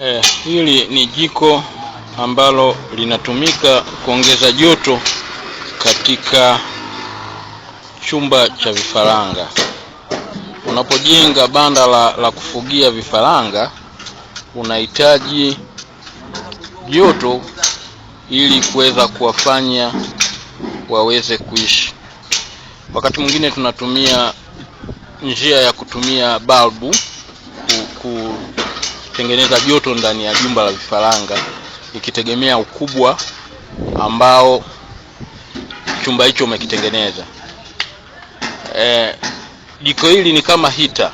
Eh, hili ni jiko ambalo linatumika kuongeza joto katika chumba cha vifaranga. Unapojenga banda la, la kufugia vifaranga unahitaji joto ili kuweza kuwafanya waweze kuishi. Wakati mwingine tunatumia njia ya kutumia balbu ku, ku kutengeneza joto ndani ya jumba la vifaranga ikitegemea ukubwa ambao chumba hicho umekitengeneza. E, jiko hili ni kama hita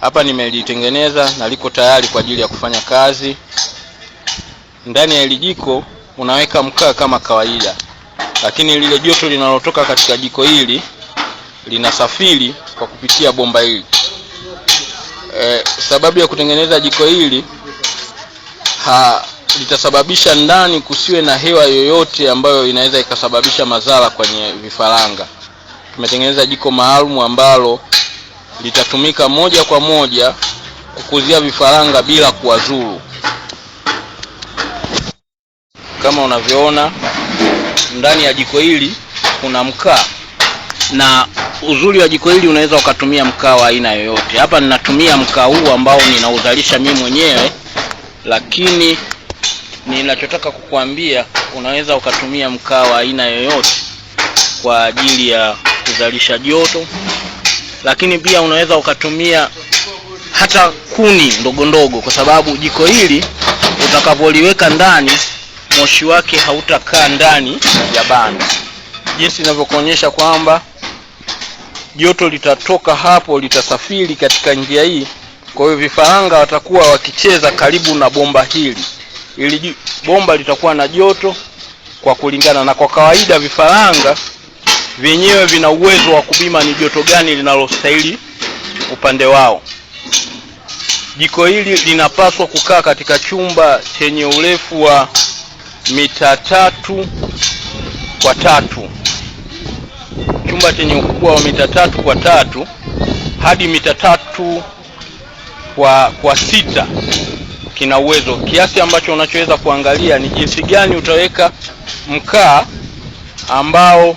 hapa nimelitengeneza na liko tayari kwa ajili ya kufanya kazi. Ndani ya hili jiko unaweka mkaa kama kawaida, lakini lile joto linalotoka katika jiko hili linasafiri kwa kupitia bomba hili eh, sababu ya kutengeneza jiko hili ha, litasababisha ndani kusiwe na hewa yoyote ambayo inaweza ikasababisha madhara kwenye vifaranga. Tumetengeneza jiko maalum ambalo litatumika moja kwa moja kukuzia vifaranga bila kuwazuru. Kama unavyoona ndani ya jiko hili kuna mkaa na uzuri wa jiko hili unaweza ukatumia mkaa wa aina yoyote. Hapa ninatumia mkaa huu ambao ninauzalisha mimi mwenyewe, lakini ninachotaka kukuambia unaweza ukatumia mkaa wa aina yoyote kwa ajili ya kuzalisha joto, lakini pia unaweza ukatumia hata kuni ndogo ndogo, kwa sababu jiko hili utakapoliweka ndani moshi wake hautakaa ndani ya banda, jinsi ninavyokuonyesha kwamba joto litatoka hapo litasafiri katika njia hii. Kwa hiyo vifaranga watakuwa wakicheza karibu na bomba hili, ili bomba litakuwa na joto kwa kulingana na. Kwa kawaida vifaranga vyenyewe vina uwezo wa kupima ni joto gani linalostahili upande wao. Jiko hili linapaswa kukaa katika chumba chenye urefu wa mita tatu kwa tatu chumba chenye ukubwa wa mita tatu kwa tatu hadi mita tatu kwa, kwa sita kina uwezo kiasi ambacho unachoweza kuangalia ni jinsi gani utaweka mkaa ambao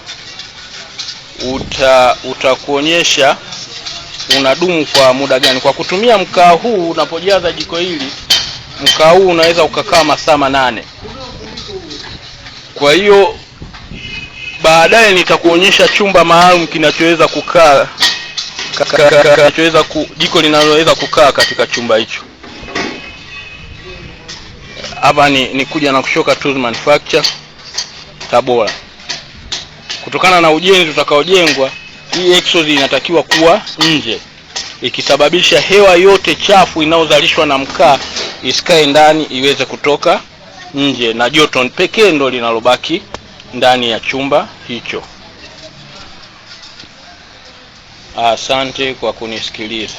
uta utakuonyesha unadumu kwa muda gani. Kwa kutumia mkaa huu unapojaza jiko hili, mkaa huu unaweza ukakaa masaa manane. Kwa hiyo baadaye nitakuonyesha chumba maalum kinachoweza kukaa kinachoweza ku, jiko linaloweza kukaa katika chumba hicho. Hapa ni, ni kuja na kushoka Tools Manufacture Tabora. Kutokana na ujenzi utakaojengwa, hii exhaust inatakiwa kuwa nje, ikisababisha hewa yote chafu inayozalishwa na mkaa isikae ndani, iweze kutoka nje na joto pekee ndo linalobaki ndani ya chumba hicho. Asante kwa kunisikiliza.